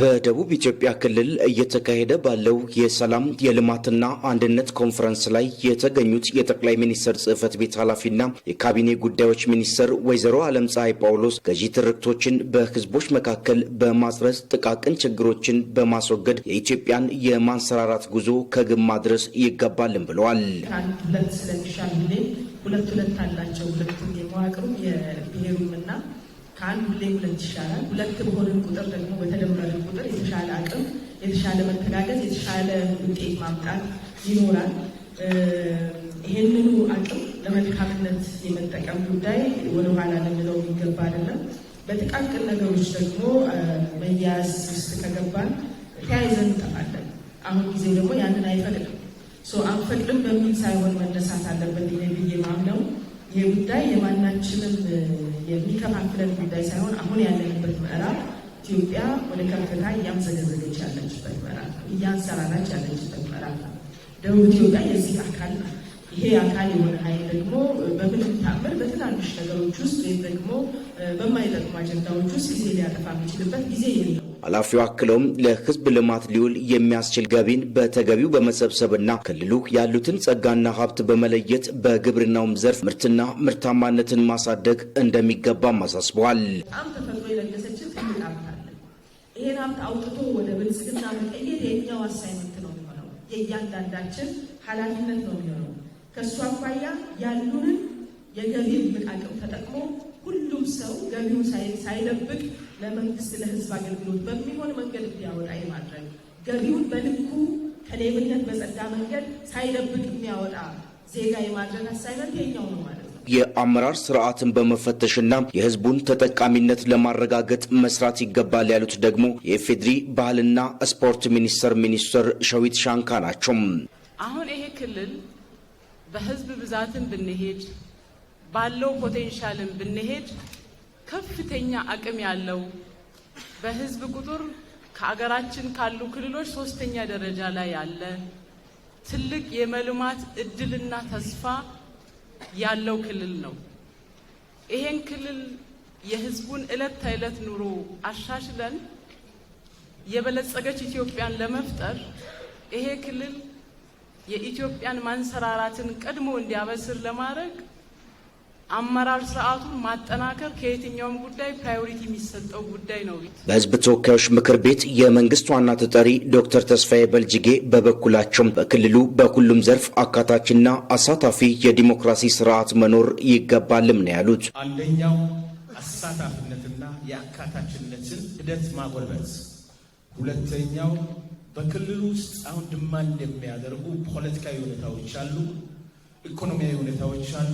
በደቡብ ኢትዮጵያ ክልል እየተካሄደ ባለው የሰላም የልማትና አንድነት ኮንፈረንስ ላይ የተገኙት የጠቅላይ ሚኒስትር ጽህፈት ቤት ኃላፊና የካቢኔ ጉዳዮች ሚኒስትር ወይዘሮ ዓለም ፀሐይ ጳውሎስ ገዢ ትርክቶችን በህዝቦች መካከል በማስረጽ ጥቃቅን ችግሮችን በማስወገድ የኢትዮጵያን የማንሰራራት ጉዞ ከግብ ማድረስ ይገባልን ብለዋል። ሁለት ሁለት አላቸው ሁለቱም የመዋቅሩ ከአንድ ሁሌ ሁለት ይሻላል። ሁለት በሆንን ቁጥር ደግሞ በተደመርን ቁጥር የተሻለ አቅም፣ የተሻለ መተጋገዝ፣ የተሻለ ውጤት ማምጣት ይኖራል። ይህንኑ አቅም ለመልካምነት የመጠቀም ጉዳይ ወደኋላ ልንለው የሚገባ አይደለም። በጥቃቅን ነገሮች ደግሞ መያያዝ ውስጥ ከገባን ተያይዘን እንጠፋለን። አሁን ጊዜ ደግሞ ያንን አይፈቅድም። አንፈቅድም በሚል ሳይሆን መነሳት አለበት ብዬ ማምነው ይህ ጉዳይ የማናችንም የሚከፋፍለን ጉዳይ ሳይሆን አሁን ያለንበት ምዕራፍ ኢትዮጵያ ወደ ከፍታ እያምዘገዘገች ያለችበት ምዕራፍ ነው። እያንሰራራች ያለችበት ምዕራፍ ነው። ደቡብ ኢትዮጵያ የዚህ አካል ነው። ይሄ አካል የሆነ ኃይል ደግሞ በምንም ታምር በትናንሽ ነገሮች ውስጥ ወይም ደግሞ በማይጠቅሙ አጀንዳዎች ውስጥ ጊዜ ሊያጠፋ የሚችልበት ጊዜ የለው። ኃላፊው አክለውም ለህዝብ ልማት ሊውል የሚያስችል ገቢን በተገቢው በመሰብሰብና ክልሉ ያሉትን ጸጋና ሀብት በመለየት በግብርናውም ዘርፍ ምርትና ምርታማነትን ማሳደግ እንደሚገባም አሳስበዋል። በጣም ሀብት ይሄን ሀብት አውጥቶ ወደ ብልጽግና መቀየር የእኛው አሳይመንት ነው የሚሆነው፣ የእያንዳንዳችን ኃላፊነት ነው የሚሆነው። ከእሱ አኳያ ያሉንን የገቢ ምቃቅም ተጠቅሞ ሁሉም ሰው ገቢው ሳይደብቅ ለመንግስት ለህዝብ አገልግሎት በሚሆን መንገድ እንዲያወጣ የማድረግ ገቢውን በልኩ ከሌብነት በጸዳ መንገድ ሳይደብቅ የሚያወጣ ዜጋ የማድረግ አሳይመንት የኛው ነው ማለት ነው። የአመራር ስርዓትን በመፈተሽና የህዝቡን ተጠቃሚነት ለማረጋገጥ መስራት ይገባል ያሉት ደግሞ የኢፌድሪ ባህልና ስፖርት ሚኒስቴር ሚኒስትር ሸዊት ሻንካ ናቸው። አሁን ይሄ ክልል በህዝብ ብዛትን ብንሄድ ባለው ፖቴንሻልን ብንሄድ ከፍተኛ አቅም ያለው በህዝብ ቁጥር ከአገራችን ካሉ ክልሎች ሶስተኛ ደረጃ ላይ ያለ ትልቅ የመልማት እድልና ተስፋ ያለው ክልል ነው። ይሄን ክልል የህዝቡን ዕለት ተዕለት ኑሮ አሻሽለን የበለጸገች ኢትዮጵያን ለመፍጠር ይሄ ክልል የኢትዮጵያን ማንሰራራትን ቀድሞ እንዲያበስር ለማድረግ አመራር ስርዓቱን ማጠናከር ከየትኛውም ጉዳይ ፕራዮሪቲ የሚሰጠው ጉዳይ ነው። በህዝብ ተወካዮች ምክር ቤት የመንግስት ዋና ተጠሪ ዶክተር ተስፋዬ በልጅጌ በበኩላቸው በክልሉ በሁሉም ዘርፍ አካታችና አሳታፊ የዲሞክራሲ ስርዓት መኖር ይገባልም ነው ያሉት። አንደኛው አሳታፊነትና የአካታችነትን ሂደት ማጎልበት፣ ሁለተኛው በክልሉ ውስጥ አሁን ድማንድ የሚያደርጉ ፖለቲካዊ ሁኔታዎች አሉ፣ ኢኮኖሚያዊ ሁኔታዎች አሉ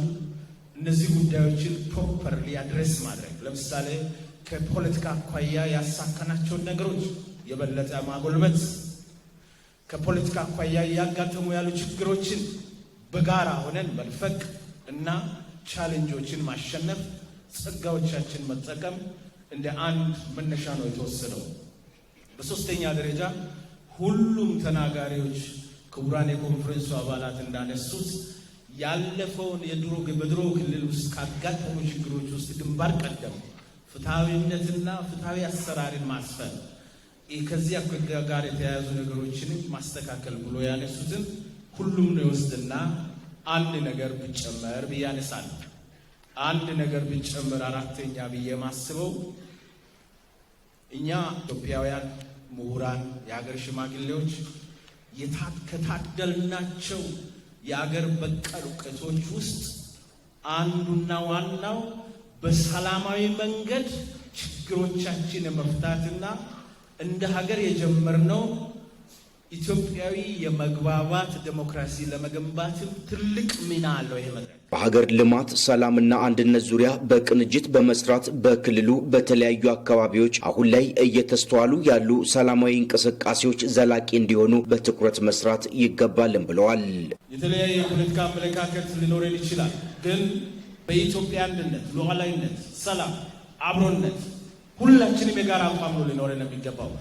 እነዚህ ጉዳዮችን ፕሮፐርሊ ሊያድረስ ማድረግ ለምሳሌ ከፖለቲካ አኳያ ያሳካናቸውን ነገሮች የበለጠ ማጎልበት፣ ከፖለቲካ አኳያ እያጋጠሙ ያሉ ችግሮችን በጋራ ሆነን መልፈቅ እና ቻሌንጆችን ማሸነፍ፣ ጸጋዎቻችን መጠቀም እንደ አንድ መነሻ ነው የተወሰነው። በሶስተኛ ደረጃ ሁሉም ተናጋሪዎች ክቡራን የኮንፈረንሱ አባላት እንዳነሱት ያለፈውን የድሮ በድሮ ክልል ውስጥ ካጋጠሙ ችግሮች ውስጥ ግንባር ቀደም ፍትሐዊነትና ፍትሐዊ አሰራርን ማስፈን ከዚህ ጋር የተያያዙ ነገሮችን ማስተካከል ብሎ ያነሱትን ሁሉም ነው ይወስድና አንድ ነገር ብጨመር ብያነሳል። አንድ ነገር ብንጨምር አራተኛ ብዬ ማስበው እኛ ኢትዮጵያውያን ምሁራን፣ የሀገር ሽማግሌዎች ከታደልናቸው የአገር በቀል እውቀቶች ውስጥ አንዱና ዋናው በሰላማዊ መንገድ ችግሮቻችን የመፍታትና እንደ ሀገር የጀመርነው ኢትዮጵያዊ የመግባባት ዴሞክራሲ ለመገንባትም ትልቅ ሚና አለው ይሄ በሀገር ልማት ሰላምና አንድነት ዙሪያ በቅንጅት በመስራት በክልሉ በተለያዩ አካባቢዎች አሁን ላይ እየተስተዋሉ ያሉ ሰላማዊ እንቅስቃሴዎች ዘላቂ እንዲሆኑ በትኩረት መስራት ይገባልም ብለዋል። የተለያየ የፖለቲካ አመለካከት ሊኖረን ይችላል። ግን በኢትዮጵያ አንድነት፣ ሉዓላዊነት፣ ሰላም፣ አብሮነት ሁላችንም የጋራ አቋም ነው ሊኖረን የሚገባው።